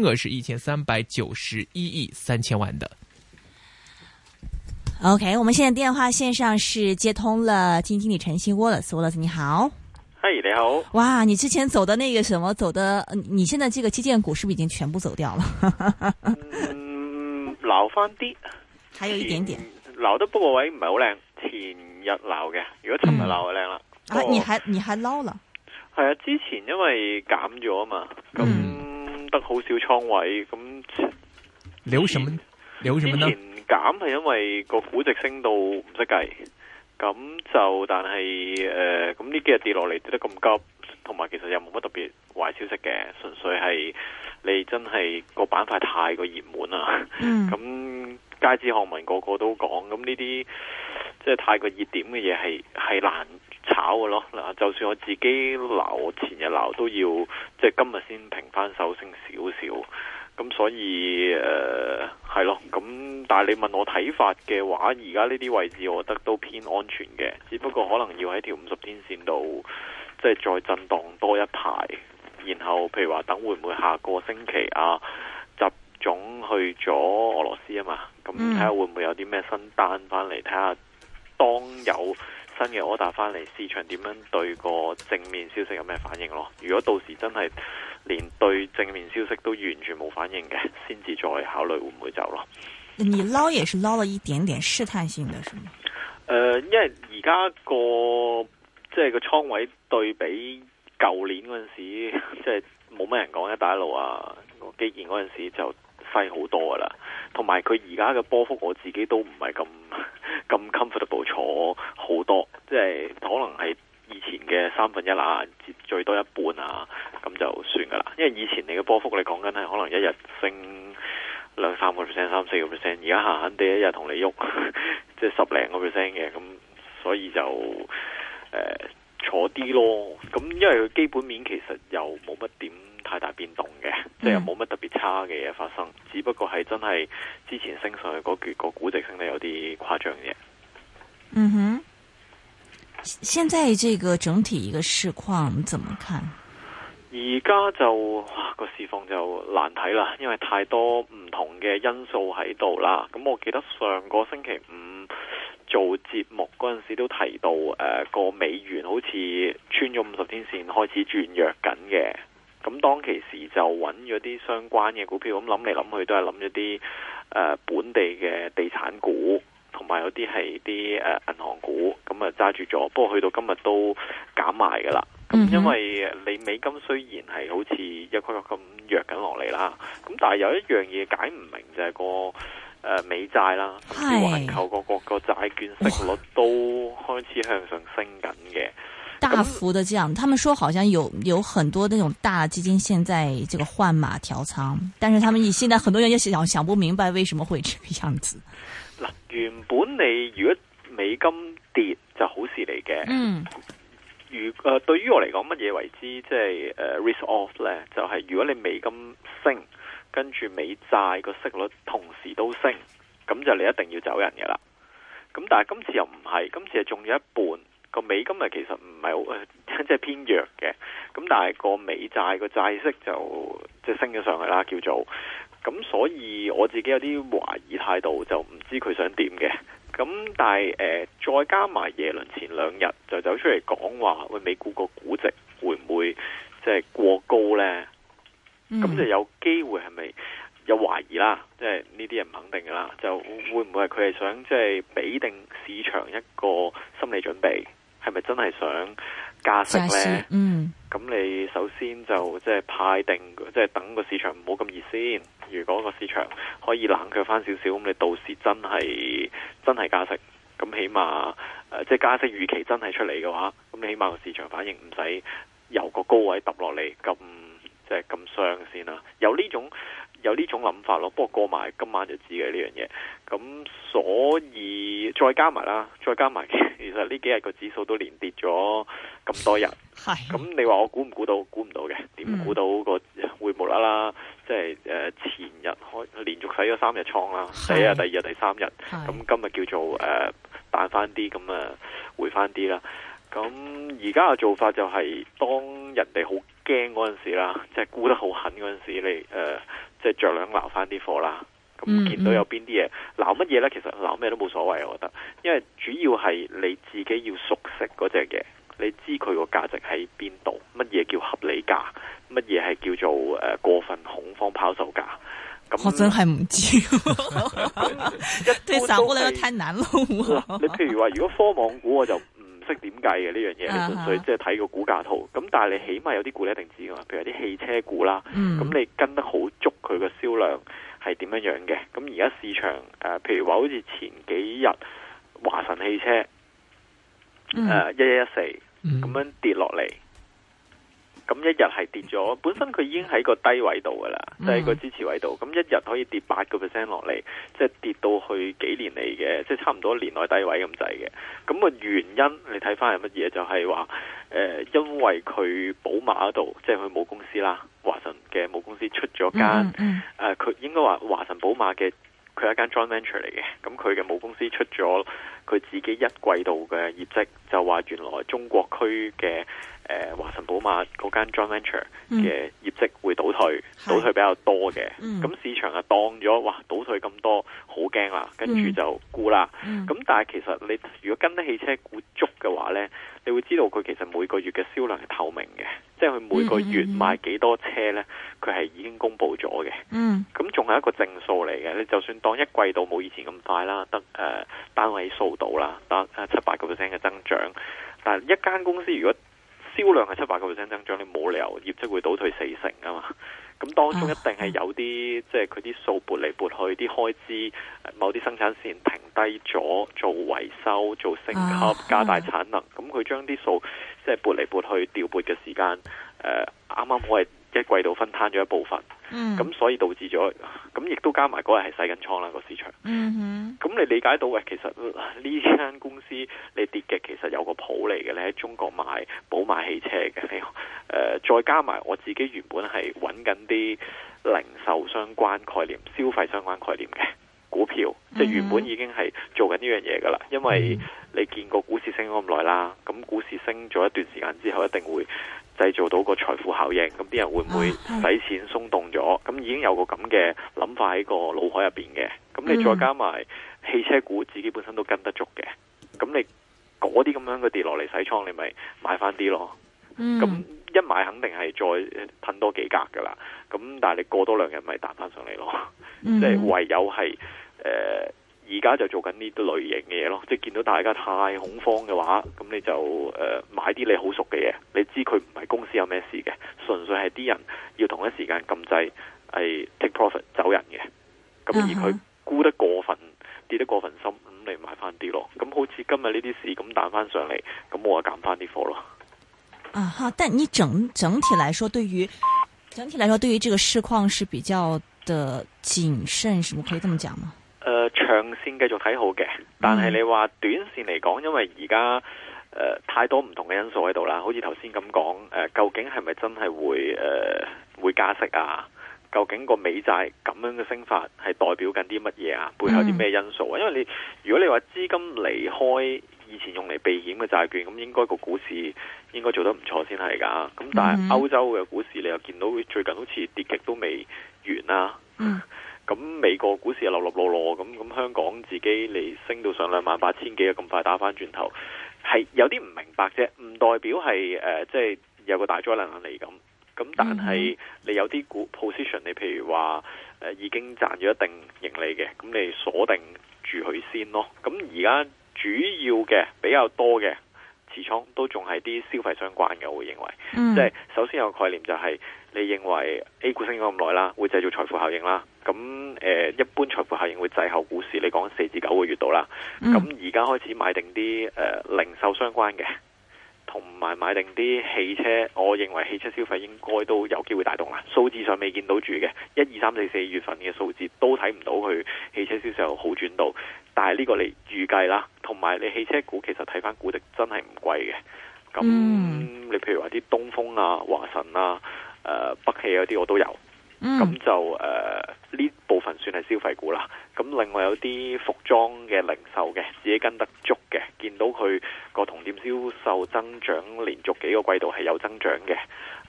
金額是一千三百九十一億三千萬的。OK，我們現在電話線上是接通了。基金經理陳昕窩的，蘇老師你好。hey 你好。哇，你之前走的那個什麼走的？你現在這個基建股是不是已經全部走掉了？ 嗯，留翻啲，還有一點點。留得不過位唔係好靚，前日留嘅，如果尋日留就靚啦。嗯。啊，你還你還撈了？係啊，之前因為減咗啊嘛，咁得好少倉位咁留什麼？留什麼呢？之前減係因為個估值升到唔識計，咁就但係誒，咁、呃、呢幾日跌落嚟跌得咁急，同埋其實又冇乜特別壞消息嘅，純粹係你真係個板塊太過熱門啦。咁、嗯、街知巷聞個個都講，咁呢啲。即係太過熱點嘅嘢，係係難炒嘅咯。嗱，就算我自己鬧前日鬧都要，即係今日先平翻手升少少，咁所以誒係、呃、咯，咁但係你問我睇法嘅話，而家呢啲位置我覺得都偏安全嘅，只不過可能要喺條五十天綫度，即係再震盪多一排，然後譬如話等會唔會下個星期啊習總去咗俄羅斯啊嘛，咁睇下會唔會有啲咩新單翻嚟睇下。看看當有新嘅 order 翻嚟，市場點樣對個正面消息有咩反應咯？如果到時真係連對正面消息都完全冇反應嘅，先至再考慮會唔會走咯。你撈也是撈了一點點試探性的，是咪？誒、呃，因為而家、那個即係、就是、個倉位對比舊年嗰陣時，即係冇乜人講一帶一路啊，基建嗰陣時就。快好多噶啦，同埋佢而家嘅波幅我自己都唔係咁咁 comfortable 坐好多，即係可能係以前嘅三分一啊，接最多一半啊，咁就算噶啦。因為以前你嘅波幅，你講緊係可能一日升兩三個 percent、三四個 percent，而家閒閒地一日同你喐， 即係十零個 percent 嘅，咁所以就誒、呃、坐啲咯。咁因為佢基本面其實又冇乜點太大變動嘅，即係冇乜特別差嘅嘢發生、嗯，只不過係真係之前升上去嗰橛、嗰個估值升得有啲誇張嘅。嗯哼，現在這個整體一個市況怎麼看？而家就哇個市況就難睇啦，因為太多唔同嘅因素喺度啦。咁我記得上個星期五做節目嗰陣時都提到，誒、呃、個美元好似穿咗五十天線開始轉弱緊嘅。咁當其時就揾咗啲相關嘅股票，咁諗嚟諗去都係諗咗啲誒本地嘅地產股，同埋有啲係啲誒銀行股，咁啊揸住咗。不過去到今日都減埋噶啦。咁、嗯、因為你美金雖然係好似一區一咁弱緊落嚟啦，咁但係有一樣嘢解唔明就係、個誒、呃、美債啦，環球各國個債券息率都開始向上升緊嘅。大幅的，這樣，他們說好像有有很多那種大基金現在這個換馬調倉，但是他們現在很多人就想想不明白為什麼會這個樣子。原本你如果美金跌就好事嚟嘅，嗯，呃、對於我嚟講，乜嘢為之即係誒 risk off 呢，就係、是、如果你美金升，跟住美債個息率同時都升，咁就你一定要走人嘅啦。咁但係今次又唔係，今次係仲有一半。個美金咪其實唔係好誒，即係偏弱嘅。咁但係個美債個債息就即係升咗上去啦，叫做。咁所以我自己有啲懷疑態度，就唔知佢想點嘅。咁但係誒、呃，再加埋耶倫前兩日就走出嚟講話，喂，美股個估值會唔會即係過高咧？咁、嗯、就有機會係咪有懷疑啦？即係呢啲人唔肯定噶啦，就會唔會係佢係想即係俾定市場一個心理準備？係咪真係想加息呢？嗯，咁你首先就即係派定，即係等個市場唔好咁熱先。如果個市場可以冷卻翻少少，咁你到時真係真係加息，咁起碼誒，即係加息預期真係出嚟嘅話，咁起碼個市場反應唔使由個高位揼落嚟咁即係咁傷先啦。有呢種。有呢種諗法咯，不過過埋今晚就知嘅呢樣嘢。咁所以再加埋啦，再加埋其實呢幾日個指數都連跌咗咁多日。咁你話我估唔估到？估唔到嘅，點估到個會無啦啦？即、嗯、係、誒、前日開連續洗咗三日倉啦，第一日、第二日、第三日。咁今日叫做誒、呃、彈翻啲，咁啊回翻啲啦。咁而家嘅做法就係、是、當人哋好驚嗰陣時啦，即係沽得好狠嗰陣時，你誒，即係着兩撈翻啲貨啦。咁見到有邊啲嘢，撈乜嘢咧？其實撈咩都冇所謂，我覺得，因為主要係你自己要熟悉嗰隻嘢，你知佢個價值喺邊度，乜嘢叫合理價，乜嘢係叫做誒過分恐慌拋售價。咁我真係唔知， 一堆散戶得太難撈。 你譬如話如果科網股，我就。唔識點計嘅呢樣嘢，uh-huh. 你純粹即係睇個股價圖。咁但係你起碼有啲股一定知噶嘛，譬如啲汽車股啦，咁、mm. 你跟得好足佢個銷量係點樣樣嘅。咁而家市場譬如話好似前幾日華晨汽車一一一四咁樣跌落嚟。Mm. Mm. 咁一日係跌咗，本身佢已經喺個低位度噶啦，喺、即係、個支持位度。咁一日可以跌八個 percent 落嚟，即係跌到去幾年嚟嘅，即係差唔多一年內低位咁滯嘅。咁、個原因你睇翻係乜嘢？就係、是、話、呃、因為佢寶馬度，即係佢母公司啦，華晨嘅母公司出咗間，佢應該話華晨寶馬嘅，佢係一間 joint venture 嚟嘅。咁佢嘅母公司出咗。佢自己一季度嘅業績就話原來中國區嘅，誒，華晨寶馬嗰間 joint venture 嘅業績會倒退，嗯，倒退比較多嘅。咁、嗯、市場啊當咗，哇！倒退咁多，好驚啦，跟住就沽啦。咁、嗯嗯、但係其實你如果跟得汽車股足嘅話咧，你會知道佢其實每個月嘅銷量係透明嘅，即係佢每個月賣幾多車咧，佢、嗯、係、嗯、已經公布咗嘅。嗯，咁仲係一個正數嚟嘅，你就算當一季度冇以前咁快啦，得誒、呃、單位數。到啦，得七八個 percent 嘅增長。但係一間公司如果銷量係七八個 percent 增長，你冇理由業績會倒退四成啊嘛。咁當中一定係有啲，即係佢啲數撥嚟撥去，啲開支，某啲生產線停低咗做維修、做升級、加大產能。咁佢將啲數即係撥嚟撥去、調撥嘅時間，誒，啱啱好係。剛剛一季度分攤咗一部分，咁、嗯、所以導致咗，咁亦都加埋嗰日係洗緊倉啦個市場。咁、嗯、你理解到，喂、呃，其實呢間公司你跌嘅，其實有個譜嚟嘅，你喺中國賣寶馬汽車嘅，誒、呃，再加埋我自己原本係搵緊啲零售相關概念、消費相關概念嘅股票，即、嗯、係、就是、原本已經係做緊呢樣嘢噶啦，因為你見過股市升咗咁耐啦，咁股市升咗一段時間之後，一定會。製造到個財富效應，咁啲人會唔會使錢鬆動咗？咁已經有個咁嘅諗法喺個腦海入邊嘅。咁你再加埋汽車股，自己本身都跟得足嘅。咁你嗰啲咁樣嘅跌落嚟洗倉，你咪買翻啲咯。咁一買肯定係再噴多幾格噶啦。咁但係你過多兩日咪彈翻上嚟咯。即係唯有係誒。呃而家就做緊呢啲類型嘅嘢咯，即係見到大家太恐慌嘅話，咁你就誒、呃、買啲你好熟嘅嘢，你知佢唔係公司有咩事嘅，純粹係啲人要同一時間禁制係、哎、take profit 走人嘅。咁而佢沽得過分，跌得過分深，咁、嗯、你買翻啲咯。咁好似今日呢啲市咁彈翻上嚟，咁我啊減翻啲貨咯。啊，但你整整體來說，對於整體來說，對於這個市況，是比較的謹慎，是唔可以咁講嗎？誒、呃，長線繼續睇好嘅，但係你話短線嚟講，因為而家誒太多唔同嘅因素喺度啦。好似頭先咁講，誒、呃、究竟係咪真係會誒、呃、會加息啊？究竟個美債咁樣嘅升法係代表緊啲乜嘢啊？背後啲咩因素啊？嗯、因為你如果你話資金離開以前用嚟避險嘅債券，咁應該個股市應該做得唔錯先係噶。咁但係歐洲嘅股市，你又見到最近好似跌極都未完啦、啊。嗯、嗯。咁美國股市又落落落落，咁咁香港自己嚟升到上兩萬八千幾，咁快打翻轉頭，係有啲唔明白啫，唔代表係呃，即係有個大災難嚟咁。咁但係你有啲股 position，你譬如話、呃、已經賺咗一定盈利嘅，咁你鎖定住佢先咯。咁而家主要嘅比較多嘅。持倉都仲係啲消費相關嘅，我會認為，嗯、即係首先有概念就係、是、你認為 A 股升咗咁耐啦，會製造財富效應啦。咁、呃、一般財富效應會滯後股市，你講四至九個月度啦。咁而家開始買定啲、呃、零售相關嘅，同埋買定啲汽車。我認為汽車消費應該都有機會帶動啦。數字上未見到住嘅，一二三四四月份嘅數字都睇唔到佢汽車銷售好轉到，但係呢個你預計啦。同埋你汽車股其實睇返估值真係唔貴嘅，咁、嗯、你譬如話啲東風啊、華晨啊、誒、呃、北汽嗰啲我都有，咁、嗯、就誒呢、呃、部分算係消費股啦。咁另外有啲服裝嘅零售嘅，自己跟得足嘅，見到佢個同店銷售增長連續幾個季度係有增長嘅，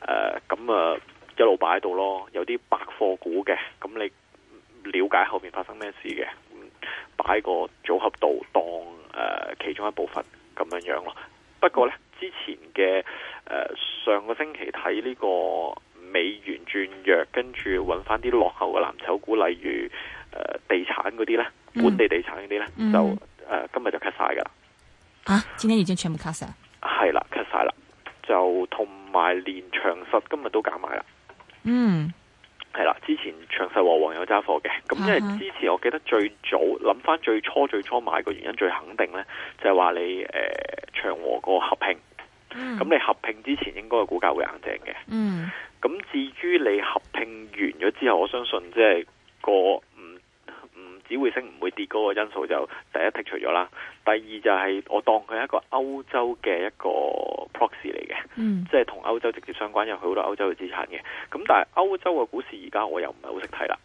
誒咁啊一路擺喺度咯。有啲百貨股嘅，咁你了解後面發生咩事嘅？擺個組合度當誒、呃、其中一部分咁樣樣咯。不過呢，之前嘅誒、呃、上個星期睇呢個美元轉弱，跟住揾翻啲落後嘅藍籌股，例如誒、呃、地產嗰啲呢，本地地產嗰啲呢，嗯、就誒、呃、今日就 cut 晒噶啦。啊，今天已經全部 cut 晒。係啦，cut 晒啦，就同埋連長實今日都搞埋啦。嗯。係啦，之前長實和黃有揸貨嘅，咁即係之前我記得最早諗翻最初最初買個原因最肯定咧，就係話你誒長和個合併，咁、嗯、你合併之前應該股價會硬淨嘅，咁、嗯、至於你合併完咗之後，我相信即係個。只會升唔會跌嗰個因素就第一剔除咗啦，第二就係、是、我當佢係一個歐洲嘅一個 proxy 嚟嘅、嗯，即係同歐洲直接相關，因為佢好多歐洲嘅資產嘅。咁但係歐洲嘅股市而家我又唔係好識睇啦，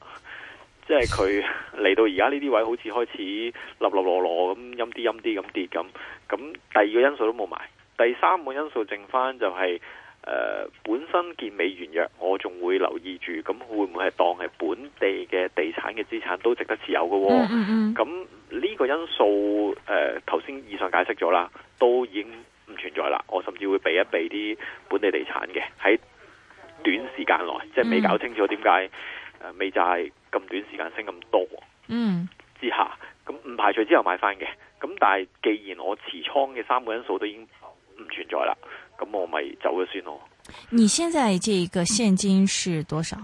即係佢嚟到而家呢啲位，好似開始立立落落咁陰啲陰啲咁跌咁，咁第二個因素都冇埋，第三個因素剩翻就係、是。誒、呃，本身見美元弱，我仲會留意住，咁會唔會係當係本地嘅地產嘅資產都值得持有嘅？咁 呢個因素，誒、呃，頭先以上解釋咗啦，都已經唔存在啦。我甚至會避一避啲本地地產嘅，喺短時間內，即係未搞清楚點解誒未就係咁短時間升咁多，嗯，之下，咁唔排除之後買翻嘅。咁但係既然我持倉嘅三個因素都已經唔存在啦。咁我咪走咗先咯。你現在這個現金是多少？誒、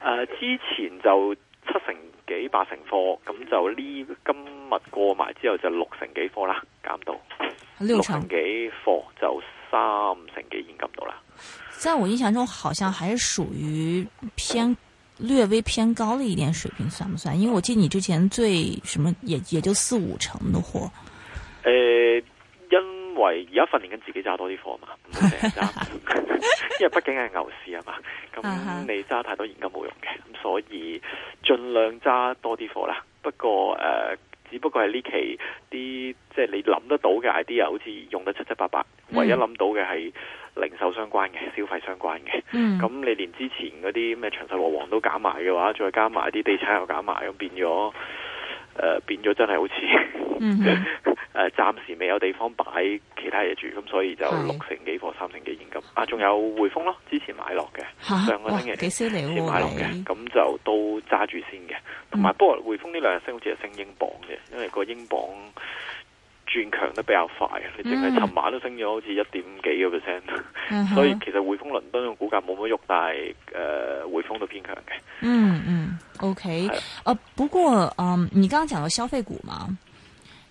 呃，之前就七成幾八成貨，咁就呢今日過埋之後就六成幾貨啦，減到六成，六成幾貨就三成幾已經減到啦。在我印象中，好像還是屬於偏略微偏高的一點水平，算不算？因為我記得你之前最什麼也也就四五成的貨。誒、呃。因為而家訓練緊自己揸多啲貨嘛， 因為畢竟係牛市啊嘛，咁 你揸太多現金冇用嘅，咁所以盡量揸多啲貨啦。不過誒、呃，只不過係呢期啲即係你諗得到嘅 idea，好似用得七七八八。嗯、唯一諗到嘅係零售相關嘅、消費相關嘅。咁、嗯、你連之前嗰啲咩長實和黃都減埋嘅話，再加埋啲地產又減埋，咁變咗誒、呃，變咗真係好似。嗯 誒，暫時未有地方擺其他嘢住，咁所以就六成幾貨，三成幾現金啊，仲有匯豐咯，之前買落嘅上個星期之、啊、前買落嘅，咁就都揸住先嘅。同埋、嗯，不過匯豐呢兩日升好似係升英鎊嘅，因為個英鎊轉強得比較快，嗯、你淨係尋晚都升咗好似一點幾個 percent，所以其實匯豐倫敦嘅股價冇乜喐，但係誒匯豐都偏強嘅。嗯嗯，OK，誒，uh, 不過嗯，um, 你剛剛講到消費股嘛？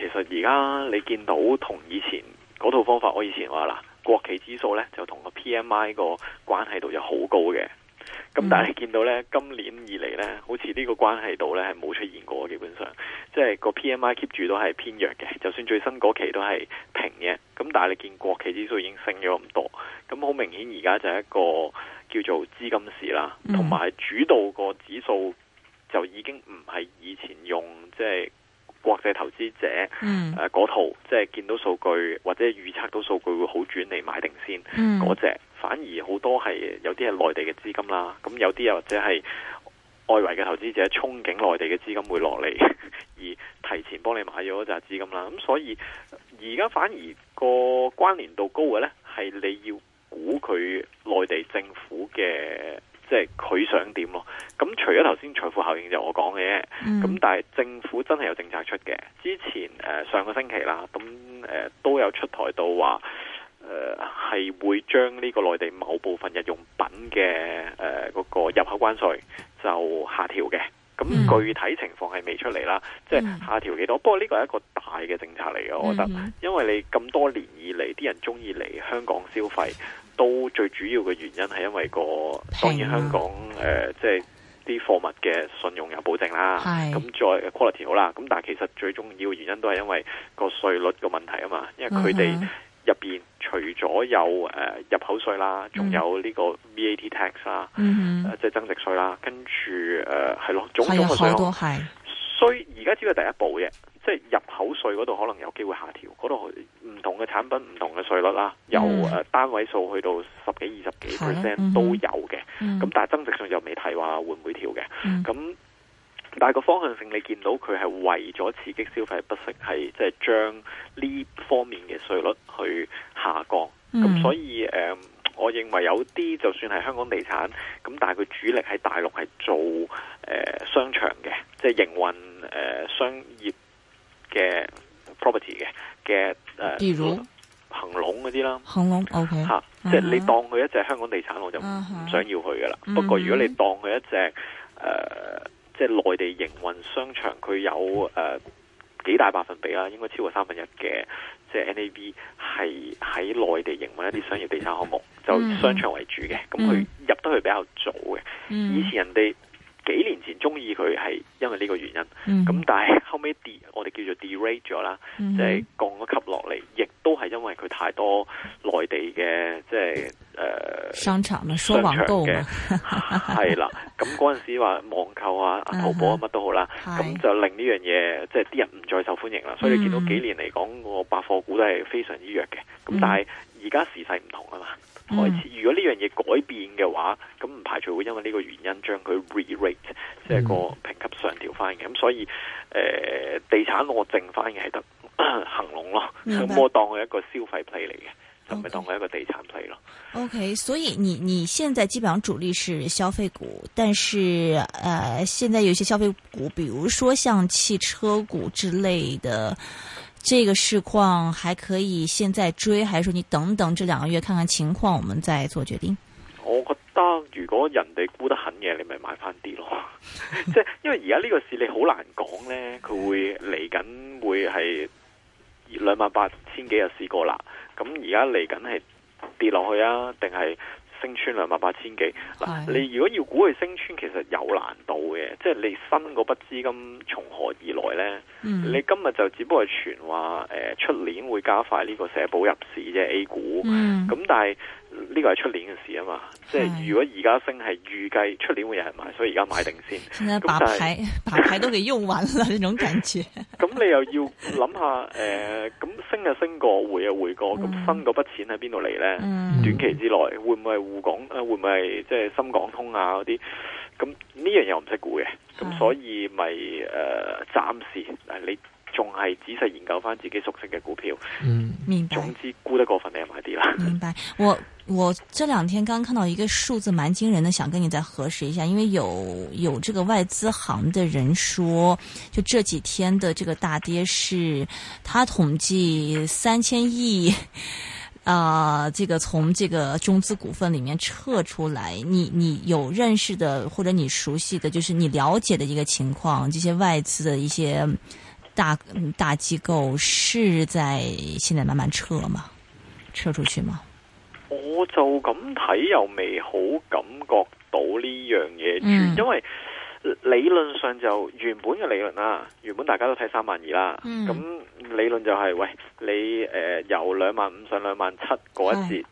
其實而家你見到同以前嗰套方法，我以前話啦，國企指數咧就同個 P M I 個關係度就好高嘅。咁但係你見到咧，今年以嚟咧，好似呢個關係度咧係冇出現過，基本上即係、就是、個 P M I keep 住都係偏弱嘅。就算最新嗰期都係平嘅，咁但係你見國企指數已經升咗咁多，咁好明顯而家就係一個叫做資金市啦，同、嗯、埋主導個指數就已經唔係以前用即係。就是國際投資者，誒、嗯，嗰、啊、套即係見到數據或者預測到數據會好轉，嚟買定先。嗰、嗯、隻反而好多係有啲係內地嘅資金啦，咁有啲又或者係外圍嘅投資者憧憬內地嘅資金會落嚟，而提前幫你買咗嗰隻資金啦。咁所以而家反而個關聯度高嘅呢，係你要估佢內地政府嘅。即係佢想點咯？咁除咗頭先財富效應就係我講嘅啫，咁、嗯、但係政府真係有政策出嘅。之前誒、呃、上個星期啦，咁、呃、誒都有出台到話，誒、呃、係會將呢個內地某部分日用品嘅誒嗰個入口關稅就下調嘅。咁具體情況係未出嚟啦，即、嗯、係、就係、下調幾多、嗯？不過呢個係一個大嘅政策嚟嘅，我覺得，嗯嗯、因為你咁多年以嚟，啲人中意嚟香港消費。都最主要嘅原因係因為個、啊、當然香港誒即係啲貨物嘅信用有保證啦，係咁再 quality 好啦。咁但係其實最重要嘅原因都係因為個稅率個問題啊嘛，因為佢哋入邊除咗有誒、呃、入口稅啦，仲有呢個 VAT tax 啦，嗯，即、呃、係、就是、增值稅啦，跟住誒係咯，種種嘅稅。好多係，所以而家只係第一步啫。即係入口稅嗰度可能有機會下調，嗰度唔同嘅產品唔同嘅稅率啦，mm-hmm. 由誒單位數去到十幾二十幾 percent 都有嘅，咁、mm-hmm. 但係增值稅又未提話會唔會調嘅，咁、mm-hmm. 但係個方向性你見到佢係為咗刺激消費不息，係即係將呢方面嘅稅率去下降，咁、mm-hmm. 所以誒、呃、我認為有啲就算係香港地產，咁但係佢主力喺大陸係做誒、呃、商場嘅，即係營運誒商業。嘅 property 嘅嘅誒恆隆嗰啲啦，恒隆 O K 嚇，即係你當佢一隻香港地產，我就唔想要去噶啦。Uh-huh. 不過如果你當佢一隻誒即係內地營運商場，佢有誒、呃、幾大百分比啦，應該超過三分一嘅，即係 N A B 係喺內地營運一啲商業地產項目，就商場為主嘅，咁、uh-huh. 佢入得去比較早嘅。Uh-huh. 以前人哋。幾年前中意佢係因為呢個原因，咁、嗯、但係後尾我哋叫做 derate 咗啦，即、嗯、係、就係、降咗級落嚟，亦都係因為佢太多內地嘅即係誒商場嘅，係啦。咁嗰陣時話網購啊、淘寶乜、啊嗯、都好啦，咁就令呢樣嘢即係啲人唔再受歡迎啦。所以你見到幾年嚟講，個百貨股都係非常之弱嘅。咁、嗯、但係而家時勢唔同啊嘛。嗯、開始，如果呢樣嘢改變嘅話，咁唔排除會因為呢個原因將佢 re-rate，即係個評級上調翻嘅。咁所以，誒、呃，地產我淨翻嘅係得恆隆咯，我當佢一個消費 play 嚟嘅，就唔係當佢一個地產 play 咯。OK, okay, 所以你，你現在基本上主力是消費股，但是，呃，現在有些消費股，比如說像汽車股之類的。這個市況還可以，現在追，還是說你等等這兩個月看看情況，我們再做決定。我覺得如果人哋沽得狠嘅，你咪買翻啲咯。即 係因為而家呢個市你好難講呢，佢會嚟緊會係兩萬八千幾又試過啦。咁而家嚟緊係跌落去啊，定係？升穿兩萬八千幾嗱，你如果要估佢升穿，其實有難度嘅，即係你新嗰筆資金從何而來咧，嗯？你今日就只不過係傳話，誒、呃，出年會加快呢個社保入市啫，A 股，咁、嗯、但係。呢個係出年嘅事啊嘛，即係如果而家升係預計出年會有人買，所以而家買定先。現在把牌把牌都給用完了呢種感覺。咁、就是、 你又要諗下誒，咁、呃、升又升過，回又回過，咁、嗯、新嗰筆錢喺邊度嚟呢？嗯？短期之內會唔會係滬港誒？會唔會係即係深港通啊嗰啲？咁呢樣又唔識估嘅，咁所以咪誒暫時你。仲係仔細研究翻自己熟悉嘅股票。嗯，明白。總之，估得過分你就買啲啦。明白。我我這兩天剛看到一個數字，蠻驚人的，想跟你再核實一下。因為有有這個外資行的人說，就這幾天的這個大跌，是他統計三千億。啊、呃，這個從這個中資股份裏面撤出來，你你有認識的或者你熟悉的，就是你了解的一個情況，這些外資的一些。大大機構是在現在慢慢撤嗎？撤出去嗎？我就咁睇又未好感覺到呢樣嘢，因為理論上就原本嘅理論啦、啊，原本大家都睇三萬二啦，咁、嗯、理論就係、是、喂你誒、呃、由兩萬五上兩萬七嗰一節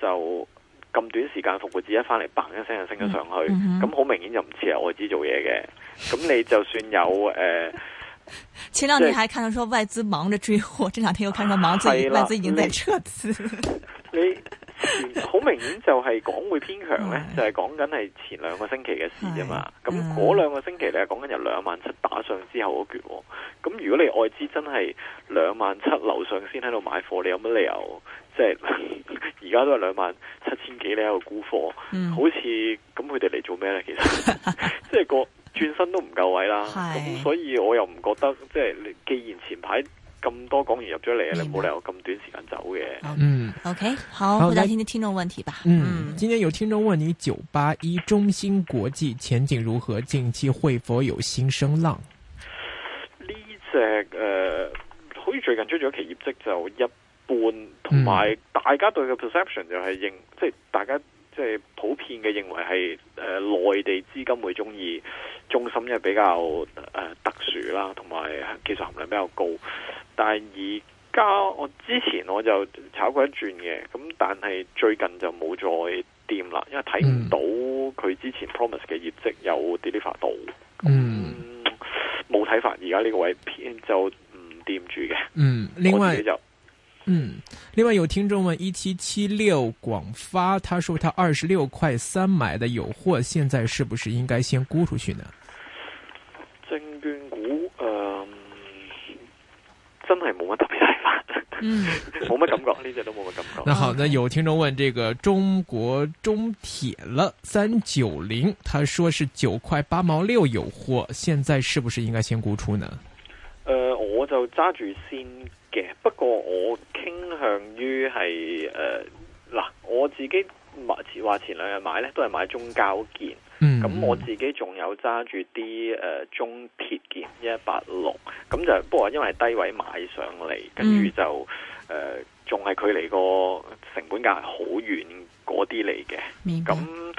就咁短時間復活節一翻嚟，砰、嗯、一聲就升咗上去，咁、嗯、好、嗯、明顯就唔似係我自己做嘢嘅，咁你就算有誒。呃前兩天還看到說外資忙着追貨，就是、這兩天又看到忙，自己外資已經在撤資。你好 明顯就係講會偏強咧， 就係講緊係前兩個星期嘅事啫嘛。咁 嗰、嗯、兩個星期咧，講緊有兩萬七打上之後嗰橛。咁如果你外資真係兩萬七樓上先喺度買貨，你有乜理由？即係而家都係兩萬七千幾你喺度沽貨，好似咁佢哋嚟做咩咧？其實即係個。 轉身都唔夠位啦，咁所以我又唔覺得，即係你既然前排咁多港元入咗嚟，你冇理由咁短時間走嘅。嗯，OK，好，okay。回答聽啲聽眾問題吧嗯。嗯，今天有聽眾問你，九八一中芯國際前景如何？近期會否有新升浪？呢隻誒，好似最近出咗一期業績就一般，同、嗯、埋大家對佢嘅 perception 就係認，即係大家。即係普遍嘅認為係誒內地資金會中意中心，因為比較誒、呃、特殊啦，同埋技術含量比較高。但係而家我之前我就炒過一轉嘅，咁但係最近就冇再掂啦，因為睇唔到佢之前 promise 嘅業績有 deliver 到。嗯，冇、嗯、睇法，而家呢個位偏就唔掂住嘅。嗯，另外。嗯，另外有聽眾問一七七六廣發，他說他二十六塊三買的有貨，現在是不是應該先沽出去呢？證券股，嗯、呃，真係冇乜特別睇法，嗯，冇乜感覺，呢 隻都冇乜感覺。那好，那有聽眾問這個中國中鐵了三九零，390，他說是九塊八毛六有貨，現在是不是應該先沽出呢？呃，我就揸住先。嘅，不過我傾向於係誒嗱，我自己前買前話前兩日買咧，都係買中交建。咁、嗯、我自己仲有揸住啲誒中鐵建一一八六，咁就不過因為低位買上嚟，跟、嗯、住就誒仲係佢離個成本價好遠嗰啲嚟嘅。咁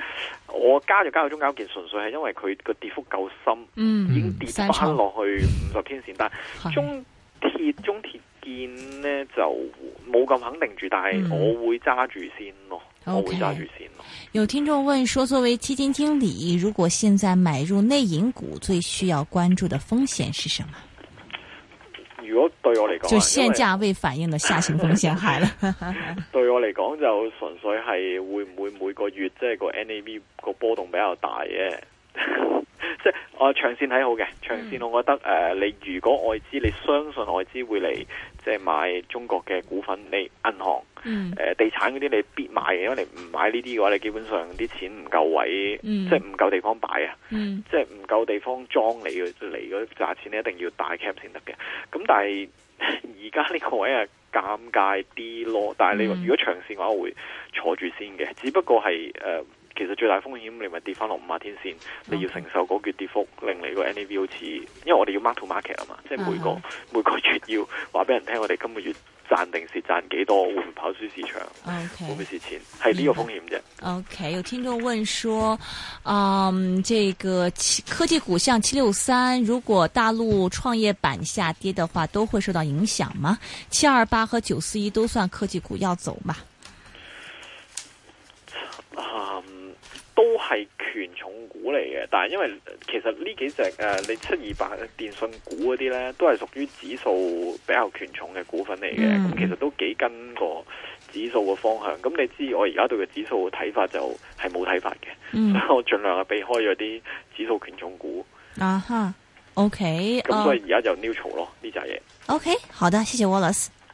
我加就加到中交建，純粹係因為佢個跌幅夠深、嗯，已經跌翻落去五十天線，但中鐵中鐵。見呢就冇咁肯定住，但係我會揸住先咯，Okay. 我會揸住先咯。有聽眾問說，作為基金經理，如果現在買入內銀股，最需要關注的風險是什麼？如果對我嚟講，就現價未反映的下行風險係啦。 是了 對我嚟講就純粹係會唔會每個月即係個 NAV 個波動比較大嘅。 即係我、啊、長線睇好嘅，長線我覺得誒、呃，你如果外資你相信外資會嚟，即係買中國嘅股份，你銀行、誒、嗯呃、地產嗰啲你必買嘅，因為你唔買呢啲嘅話，你基本上啲錢唔夠位，即係唔夠地方擺啊，即係唔夠地方裝你嚟嗰啲賺錢，你一定要大 cap 先得嘅。咁但係而家呢個位啊尷尬啲咯，但係你話如果長線嘅話我會坐住先嘅，只不過係誒。呃其實最大風險，你咪跌翻落五十天線，okay. 你要承受嗰月跌幅，令你個 NAV 好似，因為我哋要 mark to market 啊嘛，即係每個每個月要話俾人聽，我哋今個月賺定蝕賺幾多，會唔會跑輸市場，okay. 會唔會蝕錢，係、yeah. 呢個風險啫。OK，有聽眾問說，嗯，這個科技股像七六三，如果大陸創業板下跌的話，都會受到影響嗎？七二八和九四一都算科技股要走嘛？啊都係權重股嚟嘅，但係因為其實呢幾隻誒、呃，你七二八電信股嗰啲咧，都係屬於指數比較權重嘅股份嚟嘅，咁、嗯、其實都幾跟個指數嘅方向。咁你知我而家對個指數嘅睇法就係冇睇法嘅、嗯，所以我盡量係避開咗啲指數權重股。啊哈，OK。咁所以而家就 neutral 咯，呢隻嘢。OK，好的，謝謝 Wallace。